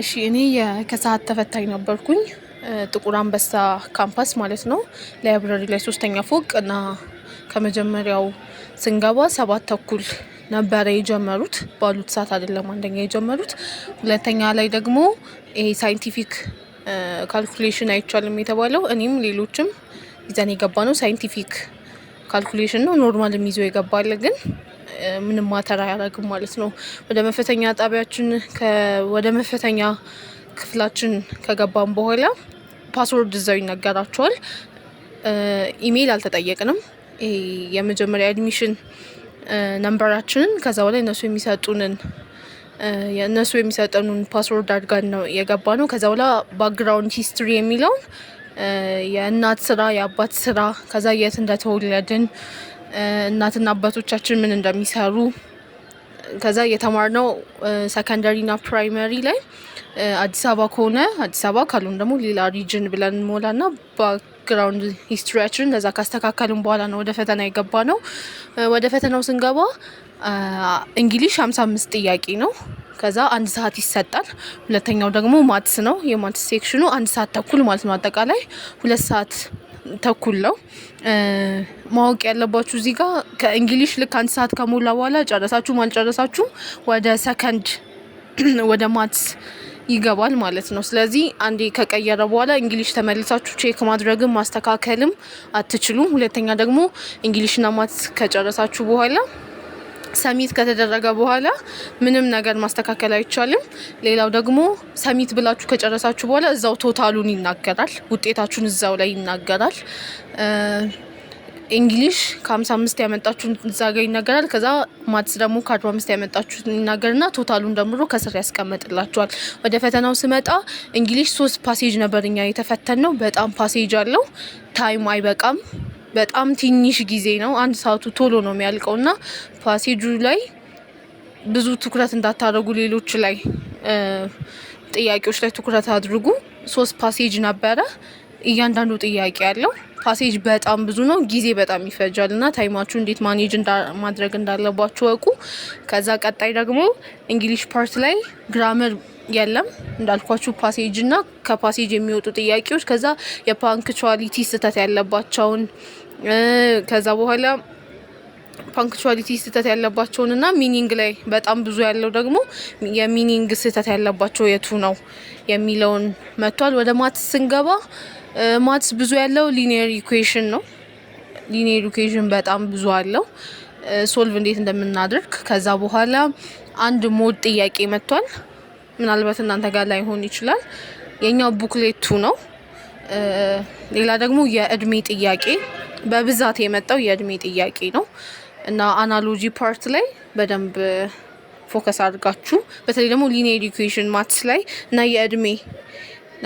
እሺ እኔ ከሰዓት ተፈታኝ ነበርኩኝ ጥቁር አንበሳ ካምፓስ ማለት ነው። ላይብራሪ ላይ ሶስተኛ ፎቅ እና ከመጀመሪያው ስንገባ ሰባት ተኩል ነበረ የጀመሩት። ባሉት ሰዓት አይደለም አንደኛ የጀመሩት። ሁለተኛ ላይ ደግሞ ይሄ ሳይንቲፊክ ካልኩሌሽን አይቻልም የተባለው እኔም ሌሎችም ይዘን የገባ ነው። ሳይንቲፊክ ካልኩሌሽን ነው። ኖርማል የሚይዘው የገባለ ግን ምንም ማተር አያደርግም ማለት ነው። ወደ መፈተኛ ጣቢያችን ወደ መፈተኛ ክፍላችን ከገባን በኋላ ፓስወርድ እዛው ይነገራቸዋል። ኢሜይል አልተጠየቅንም። የመጀመሪያ አድሚሽን ነምበራችንን ከዛ በላይ እነሱ የሚሰጡንን እነሱ የሚሰጠኑን ፓስወርድ አድጋን ነው የገባ ነው። ከዛ በኋላ ባክግራውንድ ሂስትሪ የሚለውን የእናት ስራ፣ የአባት ስራ፣ ከዛ የት እንደተወለድን እናትና አባቶቻችን ምን እንደሚሰሩ ከዛ የተማርነው ሰከንደሪና ፕራይመሪ ላይ አዲስ አበባ ከሆነ አዲስ አበባ ካልሆን ደግሞ ሌላ ሪጅን ብለን ሞላና ባክግራውንድ ሂስትሪያችን ለዛ ካስተካከልን በኋላ ነው ወደ ፈተና የገባ ነው። ወደ ፈተናው ስንገባ እንግሊሽ አምስት ጥያቄ ነው። ከዛ አንድ ሰዓት ይሰጣል። ሁለተኛው ደግሞ ማትስ ነው። የማትስ ሴክሽኑ አንድ ሰዓት ተኩል ማለት ነው። አጠቃላይ ሁለት ሰዓት ተኩል ነው። ማወቅ ያለባችሁ እዚህ ጋር ከእንግሊሽ ልክ አንድ ሰዓት ከሞላ በኋላ ጨረሳችሁም አልጨረሳችሁም ወደ ሰከንድ ወደ ማትስ ይገባል ማለት ነው። ስለዚህ አንዴ ከቀየረ በኋላ እንግሊሽ ተመልሳችሁ ቼክ ማድረግም ማስተካከልም አትችሉም። ሁለተኛ ደግሞ እንግሊሽና ማትስ ከጨረሳችሁ በኋላ ሰሚት ከተደረገ በኋላ ምንም ነገር ማስተካከል አይቻልም። ሌላው ደግሞ ሰሚት ብላችሁ ከጨረሳችሁ በኋላ እዛው ቶታሉን ይናገራል፣ ውጤታችሁን እዛው ላይ ይናገራል። እንግሊሽ ከ55 ያመጣችሁን እዛ ጋ ይናገራል። ከዛ ማትስ ደግሞ ከ45 ያመጣችሁን ይናገርና ቶታሉን ደምሮ ከስር ያስቀምጥላችኋል። ወደ ፈተናው ስመጣ እንግሊሽ ሶስት ፓሴጅ ነበር እኛ የተፈተን ነው። በጣም ፓሴጅ አለው። ታይም አይበቃም። በጣም ትንሽ ጊዜ ነው። አንድ ሰዓቱ ቶሎ ነው የሚያልቀው እና ፓሴጁ ላይ ብዙ ትኩረት እንዳታደርጉ፣ ሌሎች ላይ ጥያቄዎች ላይ ትኩረት አድርጉ። ሶስት ፓሴጅ ነበረ። እያንዳንዱ ጥያቄ ያለው ፓሴጅ በጣም ብዙ ነው። ጊዜ በጣም ይፈጃል እና ታይማችሁ እንዴት ማኔጅ ማድረግ እንዳለባችሁ ወቁ። ከዛ ቀጣይ ደግሞ እንግሊሽ ፓርት ላይ ግራመር የለም እንዳልኳችሁ ፓሴጅ እና ከፓሴጅ የሚወጡ ጥያቄዎች ከዛ የፓንክቹዋሊቲ ስህተት ያለባቸውን ከዛ በኋላ ፓንክቹዋሊቲ ስህተት ያለባቸውን እና ሚኒንግ ላይ በጣም ብዙ ያለው ደግሞ የሚኒንግ ስህተት ያለባቸው የቱ ነው የሚለውን መጥቷል። ወደ ማትስ ስንገባ ማትስ ብዙ ያለው ሊኒየር ኢኩዌሽን ነው። ሊኒየር ኢኩዌሽን በጣም ብዙ አለው ሶልቭ እንዴት እንደምናደርግ ከዛ በኋላ አንድ ሞድ ጥያቄ መጥቷል። ምናልባት እናንተ ጋር ላይሆን ይችላል። የኛው ቡክሌቱ ነው። ሌላ ደግሞ የእድሜ ጥያቄ በብዛት የመጣው የእድሜ ጥያቄ ነው እና አናሎጂ ፓርት ላይ በደንብ ፎከስ አድርጋችሁ በተለይ ደግሞ ሊኒየር ኢኩዌሽን ማትስ ላይ እና የእድሜ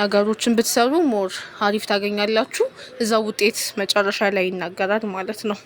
ነገሮችን ብትሰሩ ሞር አሪፍ ታገኛላችሁ። እዛ ውጤት መጨረሻ ላይ ይናገራል ማለት ነው።